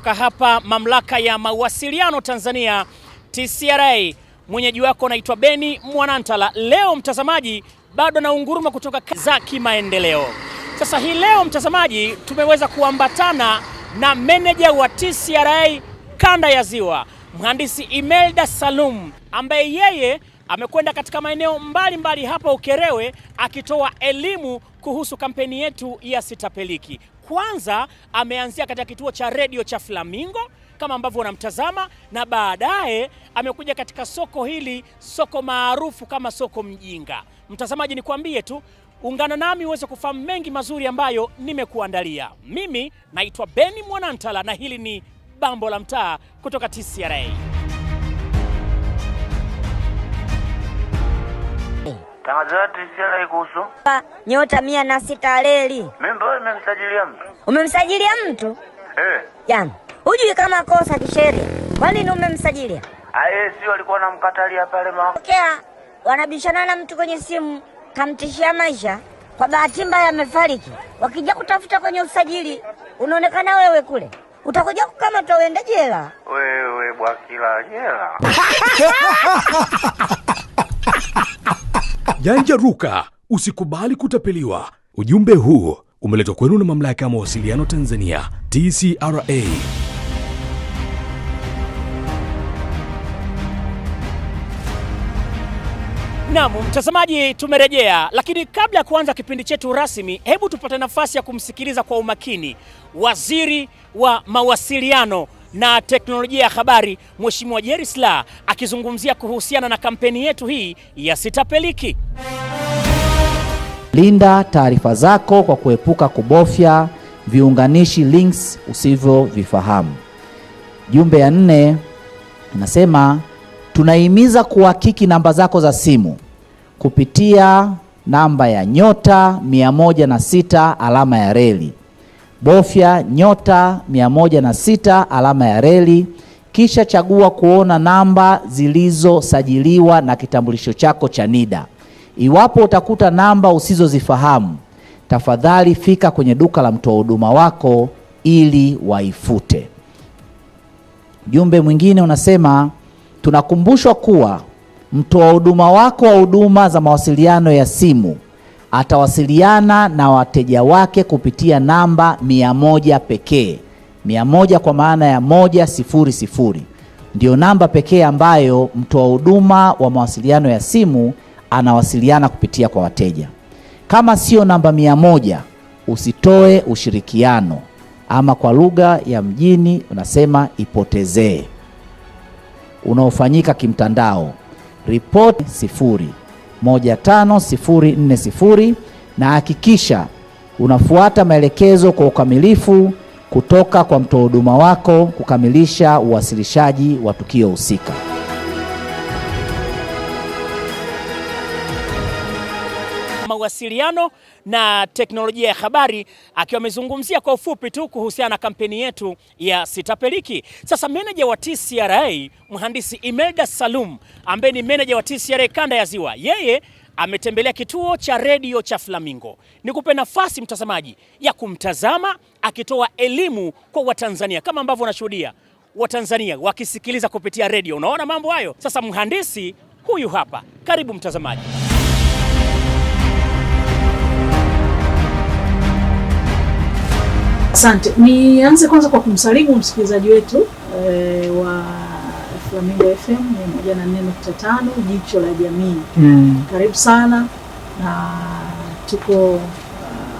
Kutoka hapa mamlaka ya mawasiliano Tanzania TCRA, mwenyeji wako naitwa Beni Mwanantala. Leo mtazamaji, bado naunguruma kutoka za kimaendeleo. Sasa hii leo mtazamaji, tumeweza kuambatana na meneja wa TCRA kanda ya Ziwa, mhandisi Imelda Salum ambaye yeye amekwenda katika maeneo mbalimbali hapa Ukerewe akitoa elimu kuhusu kampeni yetu ya sitapeliki kwanza ameanzia katika kituo cha redio cha Flamingo kama ambavyo wanamtazama na baadaye amekuja katika soko hili, soko maarufu kama soko mjinga. Mtazamaji, nikwambie tu, ungana nami uweze kufahamu mengi mazuri ambayo nimekuandalia. Mimi naitwa Beni Mwanantala na hili ni Bambo la Mtaa kutoka TCRA. Tangazo lako hisia Nyota mia na sita leli. Mimba wewe umemsajilia mtu? Umemsajilia mtu? Eh. Jana. Hujui kama kosa kisheria. Kwa nini umemsajilia? Ah, yeye si walikuwa wanamkatalia pale mama. Pokea wanabishana na mtu kwenye simu kamtishia maisha. Kwa bahati mbaya amefariki. Wakija kutafuta kwenye usajili, unaonekana wewe kule. Utakuja kukamata uende jela. Wewe bwakila jela. Janja ruka, usikubali kutapeliwa. Ujumbe huu umeletwa kwenu na Mamlaka ya Mawasiliano Tanzania, TCRA. Naam, mtazamaji, tumerejea, lakini kabla ya kuanza kipindi chetu rasmi, hebu tupate nafasi ya kumsikiliza kwa umakini waziri wa mawasiliano na teknolojia ya habari, Mheshimiwa Jerry Silaa akizungumzia kuhusiana na kampeni yetu hii ya Sitapeliki. Linda taarifa zako kwa kuepuka kubofya viunganishi links usivyovifahamu. Jumbe ya nne inasema tunahimiza kuhakiki namba zako za simu kupitia namba ya nyota 106 alama ya reli bofya nyota 106 alama ya reli, kisha chagua kuona namba zilizosajiliwa na kitambulisho chako cha NIDA. Iwapo utakuta namba usizozifahamu, tafadhali fika kwenye duka la mtoa huduma wako ili waifute. Jumbe mwingine unasema tunakumbushwa kuwa mtoa huduma wako wa huduma za mawasiliano ya simu atawasiliana na wateja wake kupitia namba mia moja pekee. Mia moja kwa maana ya moja sifuri sifuri ndiyo namba pekee ambayo mtoa huduma wa mawasiliano ya simu anawasiliana kupitia kwa wateja. Kama sio namba mia moja usitoe ushirikiano, ama kwa lugha ya mjini unasema ipotezee, unaofanyika kimtandao. Ripoti sifuri. 15040 na hakikisha unafuata maelekezo kwa ukamilifu kutoka kwa mtoa huduma wako kukamilisha uwasilishaji wa tukio husika. mawasiliano na teknolojia ya habari, akiwa amezungumzia kwa ufupi tu kuhusiana na kampeni yetu ya Sitapeliki. Sasa meneja wa TCRA mhandisi Imelda Salum ambaye ni meneja wa TCRA kanda ya Ziwa, yeye ametembelea kituo cha redio cha Flamingo. Nikupe nafasi mtazamaji ya kumtazama akitoa elimu kwa Watanzania kama ambavyo unashuhudia Watanzania wakisikiliza kupitia redio. Unaona mambo hayo? Sasa mhandisi huyu hapa, karibu mtazamaji. Asante, nianze kwanza kwa kumsalimu msikilizaji wetu e, wa Flamingo FM 104.5 jicho la jamii mm. Karibu sana na tuko uh,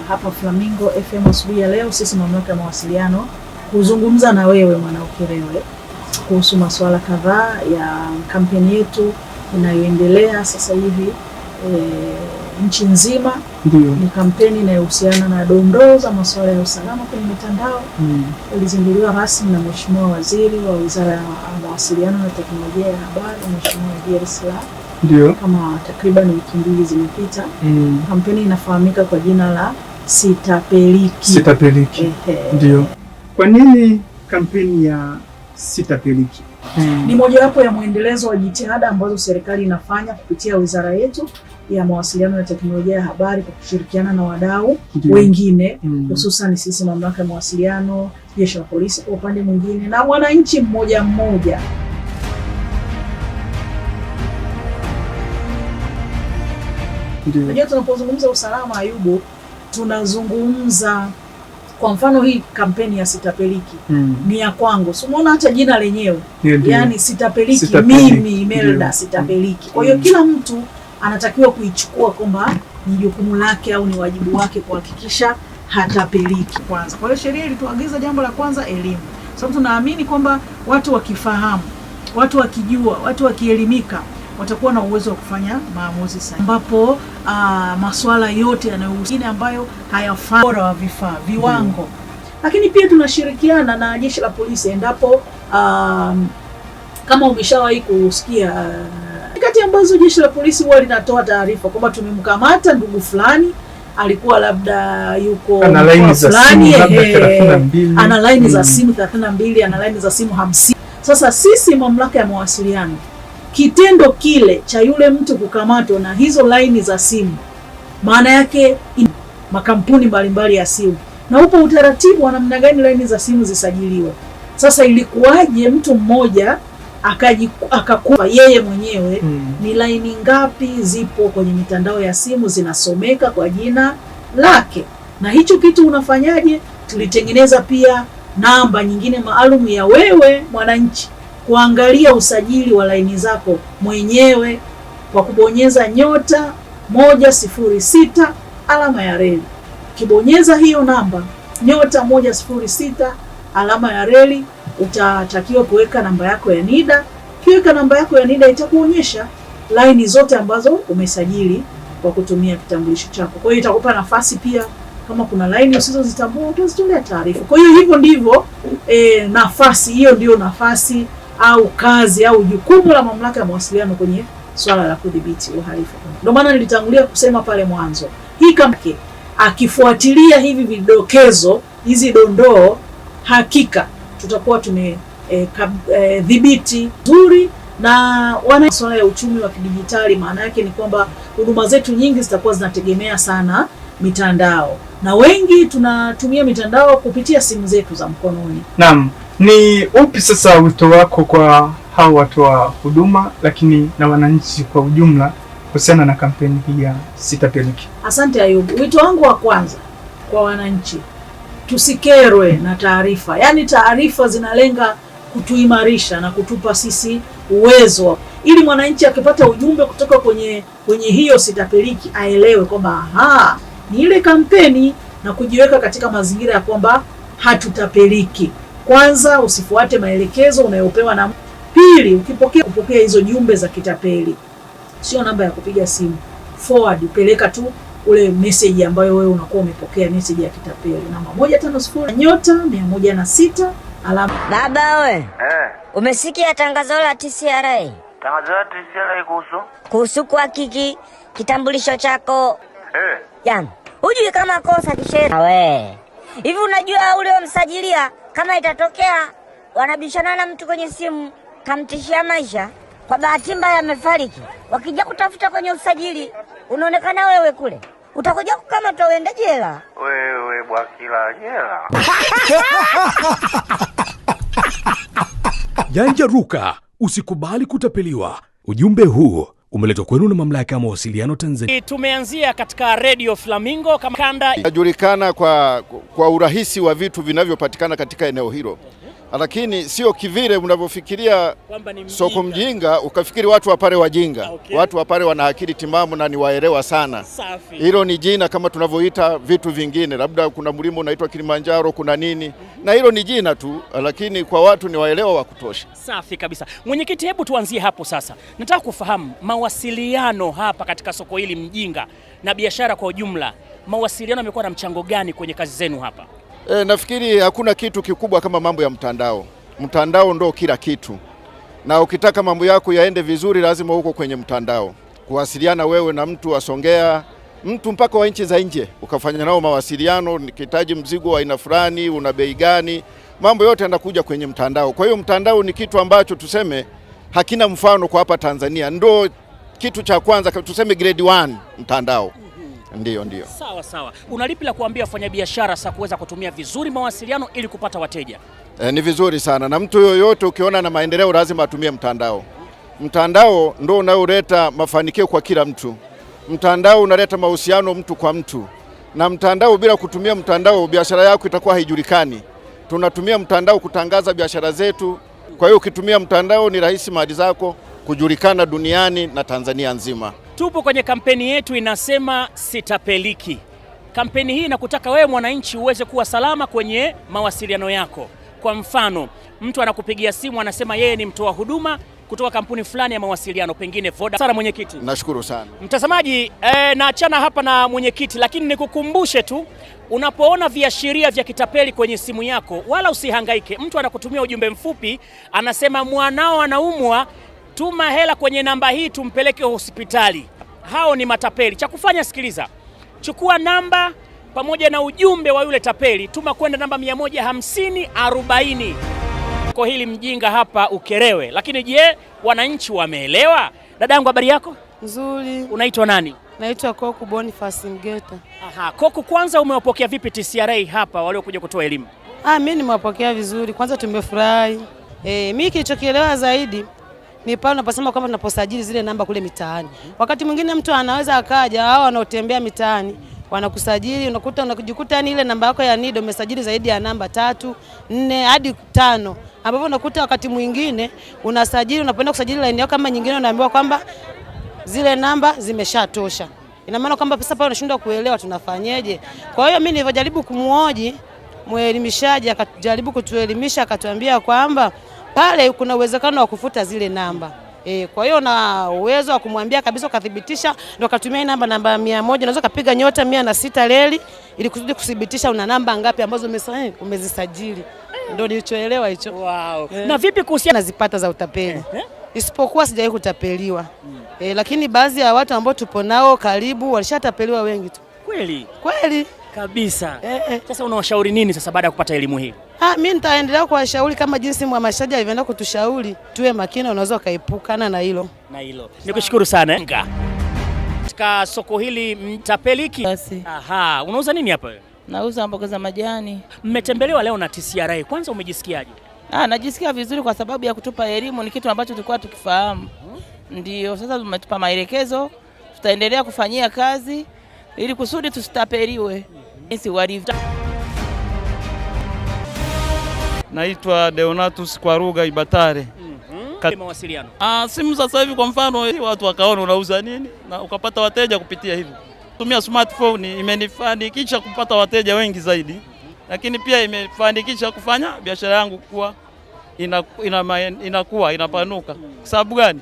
hapa Flamingo FM asubuhi ya leo, sisi mamlaka ya mawasiliano kuzungumza na wewe mwana Ukerewe kuhusu masuala kadhaa ya kampeni yetu inayoendelea sasa hivi e, nchi nzima. ndio. Ni kampeni inayohusiana na dondoo za masuala ya usalama kwenye mitandao mm. Ilizinduliwa rasmi na Mheshimiwa Waziri wa Wizara ya Mawasiliano na Teknolojia ya Habari, Mheshimiwa Jael Silaa. ndio, Kama takriban wiki mbili zimepita mm. Kampeni inafahamika kwa jina la Sitapeliki. Sitapeliki. Ndio. Kwa nini kampeni ya Sitapeliki? Hmm. Ni mojawapo ya mwendelezo wa jitihada ambazo serikali inafanya kupitia wizara yetu ya mawasiliano na teknolojia ya habari kwa kushirikiana na wadau wengine mm. hususan mm. sisi mamlaka ya mawasiliano, jeshi la polisi kwa upande mwingine, na mwananchi mmoja mmoja. Unajua, tunapozungumza usalama, Ayubu, tunazungumza kwa mfano hii kampeni ya sitapeliki mm. ni ya kwangu, si umeona hata jina lenyewe, yani sitapeliki, sitapeliki mimi Imelda sitapeliki. Kwa hiyo mm. kila mtu anatakiwa kuichukua kwamba ni jukumu lake au ni wajibu wake kuhakikisha hatapeliki kwanza. Kwa hiyo sheria ilituagiza jambo la kwanza elimu, sababu tunaamini kwamba watu wakifahamu, watu wakijua, watu wakielimika watakuwa na uwezo wa kufanya maamuzi sahihi, ambapo ah, masuala yote yanayohusiana ambayo hayafaa, bora wa vifaa, viwango mm. Lakini pia tunashirikiana na jeshi la polisi endapo aa, ah, kama umeshawahi kusikia ambazo jeshi la polisi huwa linatoa taarifa kwamba tumemkamata ndugu fulani alikuwa labda yuko ana laini za simu mm. ana laini za simu 32 ana laini za simu 50. Sasa sisi mamlaka ya mawasiliano, kitendo kile cha yule mtu kukamatwa na hizo laini za simu, maana yake makampuni mbalimbali ya simu na upo utaratibu wa namna gani laini za simu zisajiliwe. Sasa ilikuwaje mtu mmoja akakua yeye mwenyewe mm. Ni laini ngapi zipo kwenye mitandao ya simu zinasomeka kwa jina lake, na hicho kitu unafanyaje? Tulitengeneza pia namba nyingine maalum ya wewe mwananchi kuangalia usajili wa laini zako mwenyewe kwa kubonyeza nyota moja sifuri sita alama ya reli. Ukibonyeza hiyo namba nyota moja sifuri sita alama ya reli utatakiwa kuweka namba yako ya NIDA. Ukiweka namba yako ya NIDA itakuonyesha laini zote ambazo umesajili kwa kutumia kitambulisho chako. Kwa hiyo itakupa nafasi pia kama kuna laini usizozitambua utazitolea taarifa. Kwa hiyo hivyo ndivyo e, nafasi hiyo ndio nafasi au kazi au jukumu la mamlaka ya mawasiliano kwenye swala la kudhibiti uhalifu. Ndio maana nilitangulia kusema pale mwanzo, hii kamke akifuatilia hivi vidokezo, hizi dondoo, hakika tutakuwa tumedhibiti eh, eh, e, zuri na wana masuala ya uchumi wa kidijitali. Maana yake ni kwamba huduma zetu nyingi zitakuwa zinategemea sana mitandao, na wengi tunatumia mitandao kupitia simu zetu za mkononi. Naam, ni upi sasa wito wako kwa hao wa huduma, lakini na wananchi kwa ujumla kuhusiana na kampeni hii ya Sitapeliki? Asante Ayubu, wito wangu wa kwanza kwa wananchi tusikerwe na taarifa, yaani taarifa zinalenga kutuimarisha na kutupa sisi uwezo, ili mwananchi akipata ujumbe kutoka kwenye kwenye hiyo sitapeliki aelewe kwamba aha, ni ile kampeni, na kujiweka katika mazingira ya kwamba hatutapeliki. Kwanza, usifuate maelekezo unayopewa na pili, ukipokea kupokea hizo jumbe za kitapeli, sio namba ya kupiga simu forward, peleka tu ule message ambayo wewe unakuwa umepokea message ya kitapeli. Namba moja tano sifuri nyota mia moja na sita alama. Baba we eh, umesikia tangazo la TCRA? Tangazo la TCRA kuhusu kuhusu kiki kitambulisho chako eh, yani hujui kama kosa kisheria we hivi, unajua ule kama itatokea wanabishana na mtu kwenye simu kamtishia maisha, kwa bahati mbaya amefariki, wakija kutafuta kwenye usajili unaonekana wewe kule utakuja kama uende jela wewe, Bwakila jela. Janja ruka, usikubali kutapeliwa. Ujumbe huu umeletwa kwenu na mamlaka ya mawasiliano Tanzania. Tumeanzia katika Radio Flamingo kama kanda inajulikana kwa, kwa urahisi wa vitu vinavyopatikana katika eneo hilo lakini sio kivile unavyofikiria soko mjinga ukafikiri watu wa pale wajinga. Okay. Watu wa pale wana akili timamu na niwaelewa sana. Hilo ni jina kama tunavyoita vitu vingine, labda kuna mlima unaitwa Kilimanjaro, kuna nini. mm -hmm. Na hilo ni jina tu, lakini kwa watu ni waelewa wa kutosha. Safi kabisa. Mwenyekiti, hebu tuanzie hapo sasa. Nataka kufahamu mawasiliano hapa katika soko hili mjinga na biashara kwa ujumla, mawasiliano yamekuwa na mchango gani kwenye kazi zenu hapa? E, nafikiri hakuna kitu kikubwa kama mambo ya mtandao. Mtandao ndo kila kitu, na ukitaka mambo yako yaende vizuri, lazima uko kwenye mtandao, kuwasiliana wewe na mtu asongea mtu mpaka wa nchi za nje ukafanya nao mawasiliano, nikihitaji mzigo wa aina fulani, una bei gani? Mambo yote yanakuja kwenye mtandao. Kwa hiyo mtandao ni kitu ambacho tuseme hakina mfano kwa hapa Tanzania, ndo kitu cha kwanza tuseme grade 1 mtandao. Ndiyo, ndiyo. Sawa sawa. Unalipi la kuambia wafanyabiashara sasa kuweza kutumia vizuri mawasiliano ili kupata wateja? E, ni vizuri sana na mtu yoyote ukiona na maendeleo lazima atumie mtandao. Mtandao ndio unaoleta mafanikio kwa kila mtu. Mtandao unaleta mahusiano mtu kwa mtu, na mtandao bila kutumia mtandao biashara yako itakuwa haijulikani. Tunatumia mtandao kutangaza biashara zetu. Kwa hiyo ukitumia mtandao ni rahisi mali zako kujulikana duniani na Tanzania nzima. Tupo kwenye kampeni yetu inasema sitapeliki. Kampeni hii inakutaka wewe mwananchi uweze kuwa salama kwenye mawasiliano yako. Kwa mfano, mtu anakupigia simu anasema yeye ni mtoa huduma kutoka kampuni fulani ya mawasiliano pengine Voda. Sana mwenyekiti, nashukuru sana mtazamaji. E, naachana hapa na mwenyekiti, lakini nikukumbushe tu, unapoona viashiria vya kitapeli kwenye simu yako wala usihangaike. Mtu anakutumia ujumbe mfupi anasema mwanao anaumwa tuma hela kwenye namba hii tumpeleke hospitali. Hao ni matapeli. Cha kufanya, sikiliza, chukua namba pamoja na ujumbe wa yule tapeli, tuma kwenda namba 15040 kwa hili mjinga hapa Ukerewe. Lakini je, wananchi wameelewa? Dadangu, habari yako? Nzuri. Unaitwa nani? Naitwa Koku Boniface Mgeta. Aha, Koku, kwanza umewapokea vipi TCRA hapa waliokuja kutoa elimu? Ah, mimi nimewapokea vizuri, kwanza tumefurahi. Eh, mimi kilichokielewa zaidi ni pale unaposema kwamba tunaposajili zile namba kule mitaani. Wakati mwingine mtu anaweza akaja, hao wanaotembea mitaani wanakusajili unakuta unakujikuta yani ile namba yako ya NIDA umesajili zaidi ya namba tatu nne hadi tano, ambapo unakuta wakati mwingine unasajili unapenda kusajili laini yako kama nyingine, unaambiwa kwamba zile namba zimeshatosha. Ina maana kwamba pesa pale unashindwa kuelewa tunafanyeje. Kwa hiyo mimi nilivyojaribu kumwoji mwelimishaji akajaribu kutuelimisha akatuambia kwamba pale kuna uwezekano wa kufuta zile namba. E, kwa hiyo na uwezo wa kumwambia kabisa ukathibitisha, ndio katumia namba namba mia unaweza kupiga nyota mia na sita leli ili kusudi kuthibitisha una namba ngapi ambazo eh, umezisajili. Ndio nilichoelewa hicho. Wow. E. Na vipi kuhusiana zipata za utapeli? Eh. eh. Isipokuwa sijawahi kutapeliwa mm. E, lakini baadhi ya watu ambao tupo nao karibu walishatapeliwa wengi tu. Kweli? Kweli kabisa. E, e. Sasa unawashauri nini sasa baada ya kupata elimu hii? Ah, mimi nitaendelea kuwashauri kama jinsi mhamasishaji alivyoenda kutushauri, tuwe makini, unaweza ukaepukana na hilo na hilo. Nikushukuru sana katika soko hili mtapeliki. Aha, unauza nini hapa wewe? Nauza mboga za majani. Mmetembelewa leo na TCRA, kwanza umejisikiaje? Ah, najisikia vizuri kwa sababu ya kutupa elimu, ni kitu ambacho tulikuwa tukifahamu. Hmm. Ndio sasa umetupa maelekezo, tutaendelea kufanyia kazi ili kusudi tusitapeliwe hmm. jinsi walivyo naitwa Deonatus kwa lugha Ibatare. mm mawasiliano. Ah, simu sasa hivi kwa mfano watu wakaona unauza nini na ukapata wateja kupitia hivyo. Tumia smartphone imenifanikisha kupata wateja wengi zaidi. mm -hmm. Lakini pia imefanikisha kufanya biashara yangu kuwa inakuwa ina, ina, inapanuka. mm -hmm. Sababu gani?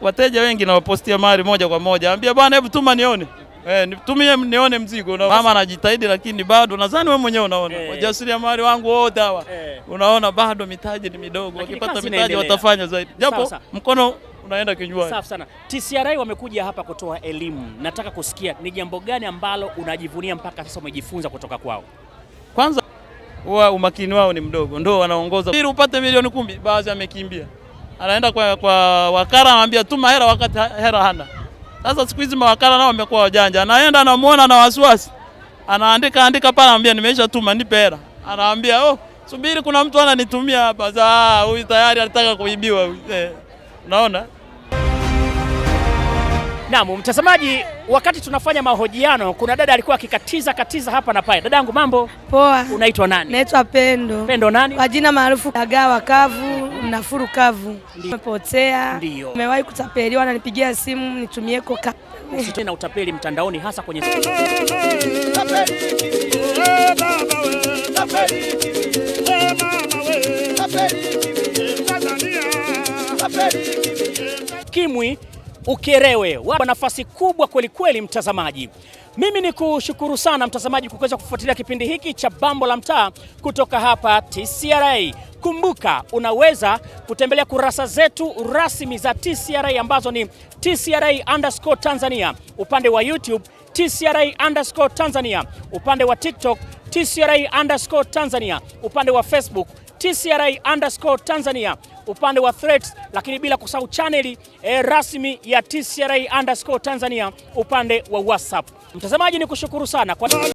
Wateja wengi nawapostia mahali moja kwa moja, ambia bwana, hebu tuma nione Eh, nitumie nione mzigo na mama anajitahidi, lakini bado nadhani wewe mwenyewe unaona hey. Eh. Wajasiriamali wangu wote hawa eh. Unaona bado mitaji ni midogo, wakipata mitaji watafanya zaidi, japo mkono unaenda kinywani. Safi sana. TCRA wamekuja hapa kutoa elimu, nataka kusikia ni jambo gani ambalo unajivunia mpaka sasa umejifunza kutoka kwao? Kwanza wa umakini wao ni mdogo, ndio wanaongoza. Ili upate milioni kumi, baadhi amekimbia anaenda kwa, kwa wakara, anamwambia tuma hela wakati hela hana sasa siku hizi mawakala nao wamekuwa wajanja, anaenda anamuona na wasiwasi, anaandika andika pale, anamwambia nimeisha tuma, nipe hela, anaambia oh, subiri, kuna mtu ananitumia hapa. Sasa ah, huyu tayari alitaka kuibiwa huyu, eh, unaona. Naam, mtazamaji, wakati tunafanya mahojiano kuna dada alikuwa akikatiza katiza hapa na pale. Dadangu, mambo poa? Unaitwa nani? Naitwa Pendo. Pendo nani? Kwa jina maarufu dagaa Kavu mnafuru kavu, nimepotea, nimewahi kutapeliwa, ananipigia simu nitumie koka Usitena utapeli mtandaoni hasa kwenye Kimwi Ukerewe wana nafasi kubwa kweli kweli, mtazamaji. Mimi ni kushukuru sana mtazamaji kwa kuweza kufuatilia kipindi hiki cha Bambo la Mtaa kutoka hapa TCRA. Kumbuka unaweza kutembelea kurasa zetu rasmi za TCRA ambazo ni TCRA underscore Tanzania, upande wa YouTube TCRA underscore Tanzania, upande wa TikTok TCRA underscore Tanzania, upande wa Facebook TCRA underscore Tanzania, upande wa threads, lakini bila kusahau chaneli e, eh, rasmi ya TCRA underscore Tanzania upande wa WhatsApp. Mtazamaji, ni kushukuru sana kwa